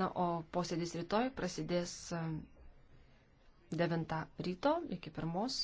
Na, o posėdis rytoj prasidės 9 e, ryto iki 1.